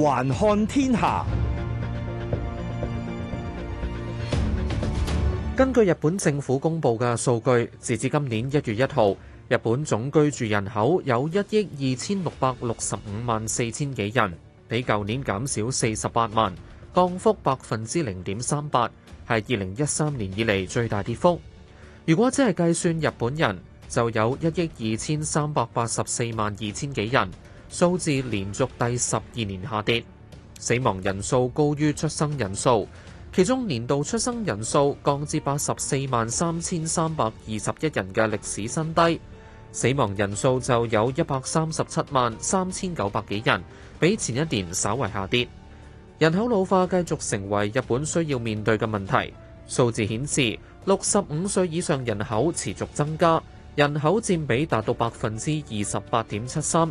環看天下。根據日本政府公布嘅數據，截至今年一月一號，日本總居住人口有一億二千六百六十五萬四千幾人，比舊年減少四十八萬，降幅百分之零點三八，係二零一三年以嚟最大跌幅。如果只係計算日本人，就有一億二千三百八十四萬二千幾人。數字連續第十二年下跌，死亡人數高於出生人數，其中年度出生人數降至八十四萬三千三百二十一人嘅歷史新低，死亡人數就有一百三十七萬三千九百幾人，比前一年稍為下跌。人口老化繼續成為日本需要面對嘅問題。數字顯示，六十五歲以上人口持續增加，人口占比達到百分之二十八點七三。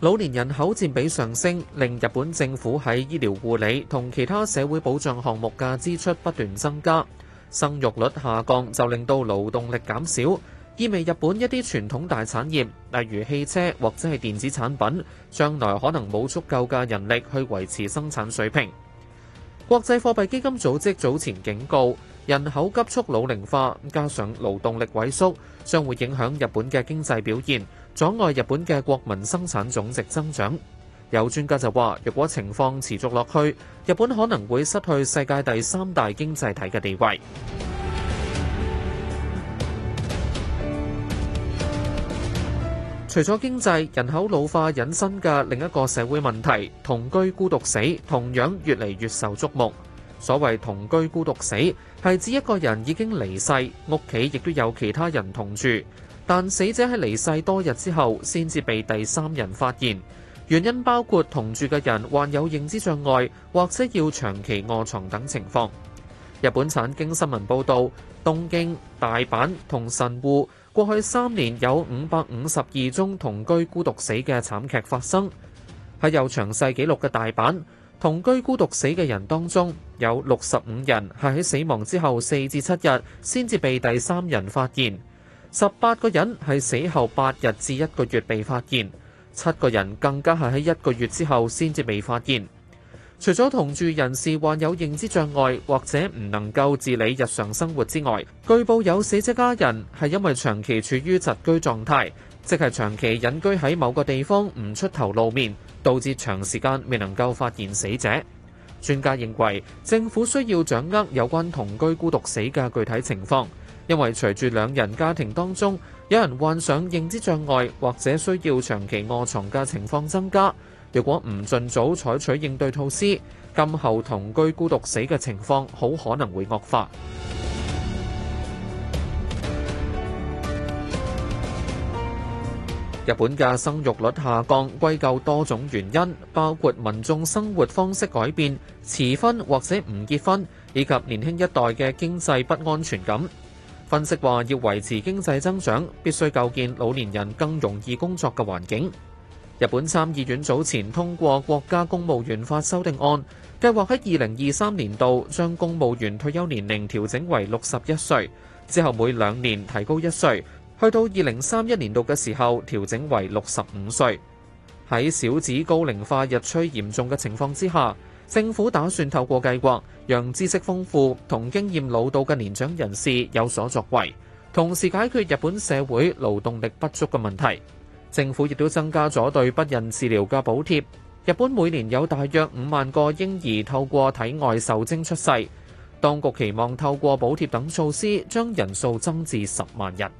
老年人口佔比上升，令日本政府喺醫療護理同其他社會保障項目嘅支出不斷增加。生育率下降就令到勞動力減少，意味日本一啲傳統大產業，例如汽車或者係電子產品將來可能冇足夠嘅人力去維持生產水平。國際貨幣基金組織早前警告，人口急速老齡化加上勞動力萎縮，將會影響日本嘅經濟表現，阻礙日本嘅國民生產總值增長。有專家就話，若果情況持續落去，日本可能會失去世界第三大經濟體嘅地位。除咗經濟，人口老化引申嘅另一個社會問題，同居孤獨死同樣越嚟越受矚目。所謂同居孤獨死，係指一個人已經離世，屋企亦都有其他人同住，但死者喺離世多日之後先至被第三人發現。原因包括同住嘅人患有認知障礙，或者要長期臥床等情況。日本產經新聞報導，東京、大阪同神戶。過去三年有五百五十二宗同居孤獨死嘅慘劇發生，喺有詳細記錄嘅大阪，同居孤獨死嘅人當中，有六十五人係喺死亡之後四至七日先至被第三人發現，十八個人係死後八日至一個月被發現，七個人更加係喺一個月之後先至被發現。除咗同住人士患有認知障礙或者唔能夠自理日常生活之外，據報有死者家人係因為長期處於蟄居狀態，即係長期隱居喺某個地方唔出頭露面，導致長時間未能夠發現死者。專家認為政府需要掌握有關同居孤獨死嘅具體情況，因為隨住兩人家庭當中有人患上認知障礙或者需要長期臥床嘅情況增加。如果唔盡早採取應對措施，今後同居孤獨死嘅情況好可能會惡化。日本嘅生育率下降，歸咎多種原因，包括民眾生活方式改變、遲婚或者唔結婚，以及年輕一代嘅經濟不安全感。分析話，要維持經濟增長，必須構建老年人更容易工作嘅環境。日本參議院早前通過國家公務員法修訂案，計劃喺二零二三年度將公務員退休年齡調整為六十一歲，之後每兩年提高一歲，去到二零三一年度嘅時候調整為六十五歲。喺少子高齡化日趨嚴重嘅情況之下，政府打算透過計劃讓知識豐富同經驗老道嘅年長人士有所作為，同時解決日本社會勞動力不足嘅問題。政府亦都增加咗對不孕治療嘅補貼。日本每年有大約五萬個嬰兒透過體外受精出世。當局期望透過補貼等措施，將人數增至十萬人。